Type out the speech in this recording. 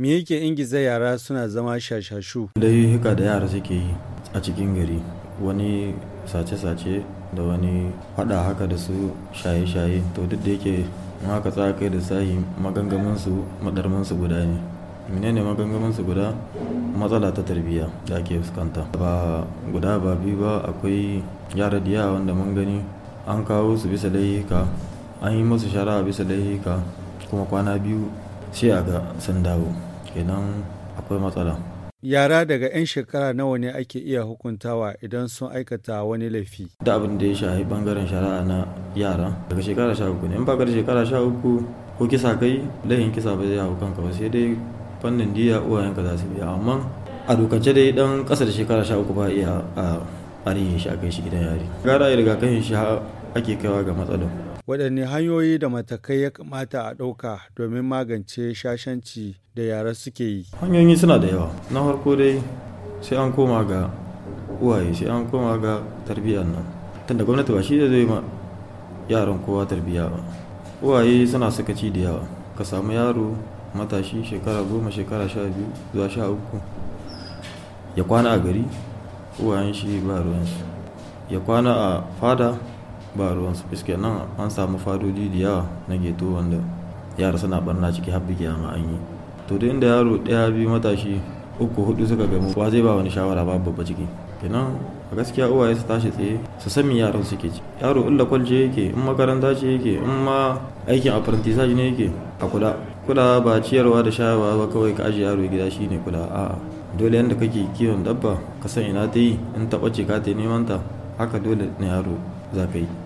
Me yake ingiza yara suna zama shashashu? Da hika da yara suke yi a cikin gari wani sace-sace da wani hada haka da su shaye-shaye to duk da yake ma haka tsaka kai da sahi magangaminsu su guda ne. menene magangaminsu guda matsala ta tarbiyya da ake fuskanta ba guda ba biyu ba akwai yara da wanda mun gani an kawo su bisa laihika an yi musu shara bisa laihika kuma kwana biyu sai a ga sun dawo kenan akwai matsala yara daga 'yan shekara nawa ne ake iya hukuntawa idan sun aikata wani laifi da abin da ya shahi bangaren shari'a na yara daga shekara sha uku ne in bakar shekara sha uku ko kisa kai laifin kisa ba zai hau kanka ba sai dai fannin diya ka za su biya amma a dokance dai dan kasa da shekara sha uku ba iya a arihin shi a kai shi gidan yari gara rigakafin shi ake kaiwa ga matsalar waɗanne hanyoyi da matakai ya kamata a ɗauka domin magance shashanci da yara suke yi hanyoyi suna da yawa na farko dai sai an koma ga uwaye sai an koma ga tarbiyyar nan tunda gwamnati ba shi da zai ma yaran kowa tarbiyya ba uwaye suna sakaci da yawa ka samu yaro matashi shekara goma shekara sha biyu zuwa sha uku ya kwana a gari uwayen shi ba ruwan ya kwana a fada ba su fiske nan an samu fado da yawa na geto wanda yara suna barna ciki har biki ma an yi to da inda yaro ɗaya biyu matashi uku hudu suka gamu wa zai ba wani shawara ba babba ciki kenan a gaskiya uwaye su tashi tsaye su san yaran suke ci yaro illa kwalce yake in makaranta ce yake in ma aikin apprentissage ne yake a kula kula ba ciyarwa da shayarwa ba kawai ka ajiye yaro gida shine kula a dole yanda kake kiwon dabba ka san ina ta yi in taɓa ce ka ta neman ta haka dole na yaro un pays.